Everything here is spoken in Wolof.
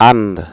ànd